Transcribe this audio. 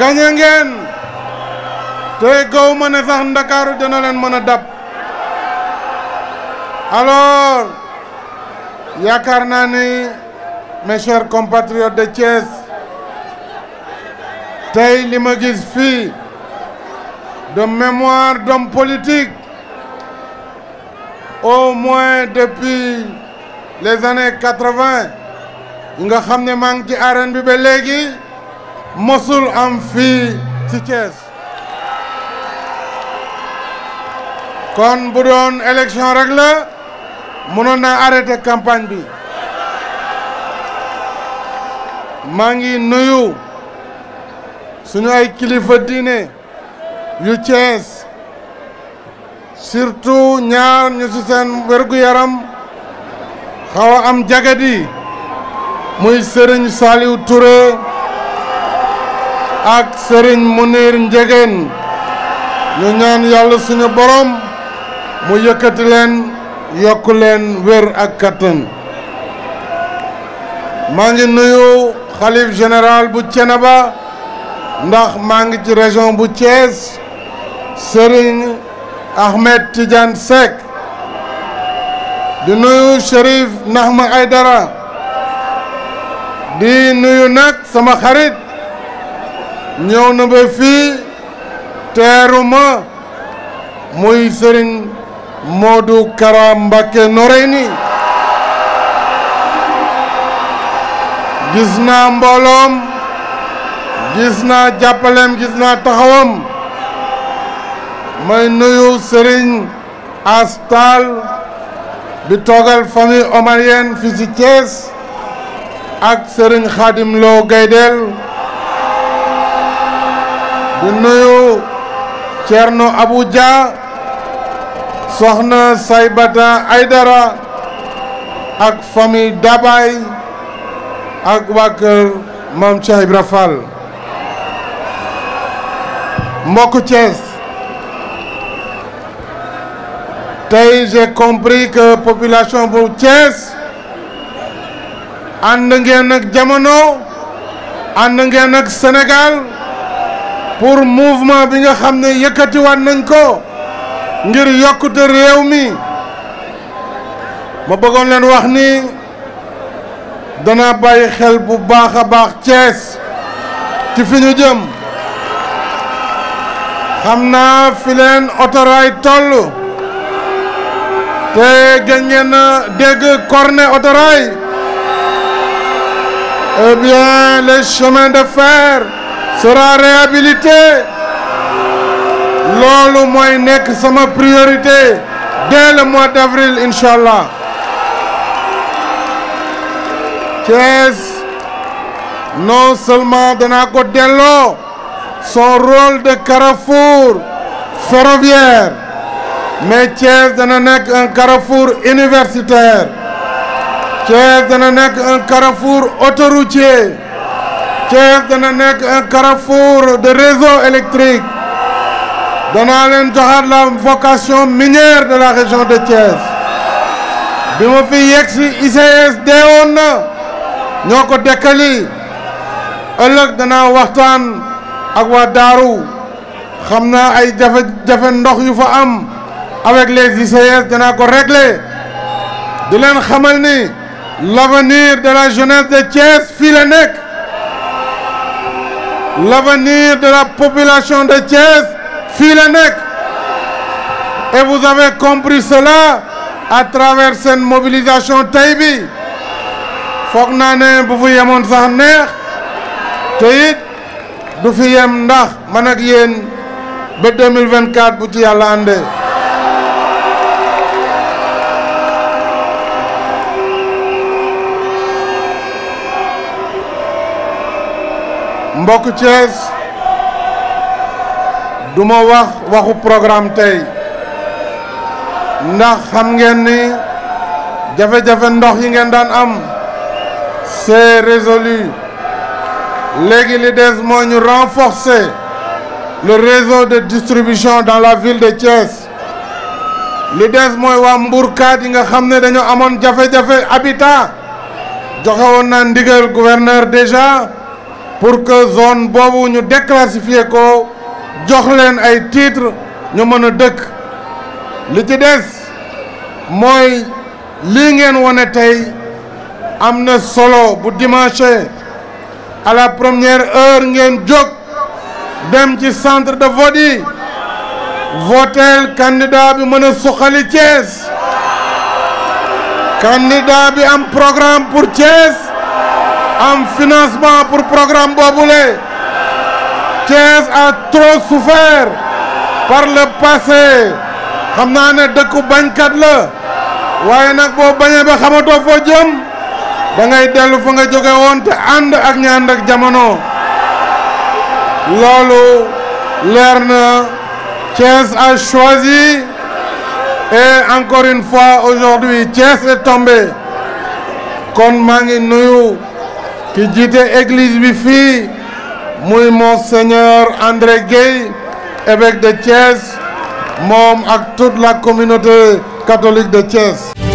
gagné ngeen te gaw ma sax ndakaaru dina leen dab alors yaakaar ni mes chers compatriotes de Thiès tay li ma gis de mémoire d'homme politique au moins depuis les années 80. nga xamné ne ngi ci arène bi ba légui mosul am fii ci Thiès kon bu doon élection rek la mënoon naa arrêté campagne bi maa ngi nuyu suñu ay kilifa diine yu Thiès surtout ñaar ñu ci seen yaram xaw a am jagadi muy Serigne Saliou Touré ak sëriñ mu Mounir Ndiéguène ñu ñaan yàlla suñu borom mu yëkkati leen yokk leen wér ak kattan maa ngi nuyu xalif général bu Thiénaba ndax maa ngi ci région bu Thiès Serigne Ahmed Tidiane Seck di nuyu Cherif Nahma Aydara di nuyu nag sama xarit ñëw na ba fii teeru modu karam sëriñ Modou Kara Mbacké Noreyni gis naa mbooloom gis naa taxawam may nuyu sëriñ Astal bi toogal famille omarienne fi si ak Khadim Lo Gaydel Nuyu Thierno Abou Dia soxna Saybata Aydara ak famille Dabay ak waa kër Maam Cheikh Ibra Fall mbokk Thiès tey j'ai compris que population bu Thiès ànd ngeen ak jamono ànd ngeen ak Sénégal pour mouvement bi nga xam ne yëkkatiwaat nañ ko ngir yokkute réew mi ma bëggoon leen wax ni danaa bàyyi xel bu baax baax Thiès ci fi ñu jëm xam naa fi leen autorail toll te gën ngeen a dégg corne autorail eh bien les de fer sera réhabilité loolu mois que sama priorité dès le mois d'avril inshallah. Chez non seulement de de l'eau... son rôle de carrefour ferroviaire mais Thiès un nek un carrefour universitaire Thiès un nek un carrefour autoroutier Thiès un carrefour de réseau électrique danaa leen la vocation minière de la région de Thiès bi ma fi yegg ICS deewoon na ñoo ko Dana ëllëg danaa waxtaan ak waa Daaru xam naa ay jafe ndox yu fa am avec les ICS Dana ko régler di xamal ni l'avenir de la jeunesse de Thiès fii la L'avenir de la population de Thiès file nec. Et vous avez compris cela à travers cette mobilisation Taïbi. fognane naa ne 2024 mbokk Thiès du wax waxu programme tay ndax xam ngeen ni jafé jafe ndox yi ngeen daan am c'est résolu légui li des mo ñu renforcer le réseau de distribution dans la ville de Thiès li des mooy waa mbuurkaat yi nga xamné dañu amone jafé jafé jafe habitat joxe woon naa ndigal gouverneur déjà pour que zone boobu ñu déclassifier ko jox leen ay titre ñu mën a dëkk li ci des mooy lii ngeen wane tey am na solo bu dimanche à la première heure ngeen jóg dem ci centre de vote yi voteel bi mën a suqali Thiès candidat bi am programme pour Thiès am financement pour programme boobule Thiès a trop souffert par le passé xam naa ne dëkku bañkat la waaye nag boo bañee ba xamatoo foo jëm da ngay dellu fa nga jóge woon te ànd ak ñi ànd ak jamono loolu leer na a choisi et encore une fois aujourd'hui Thiès est tombé kon maa ngi nuyu qui dit église bi moi monseigneur André Gay, évêque de Thiès membre à toute la communauté catholique de Thiès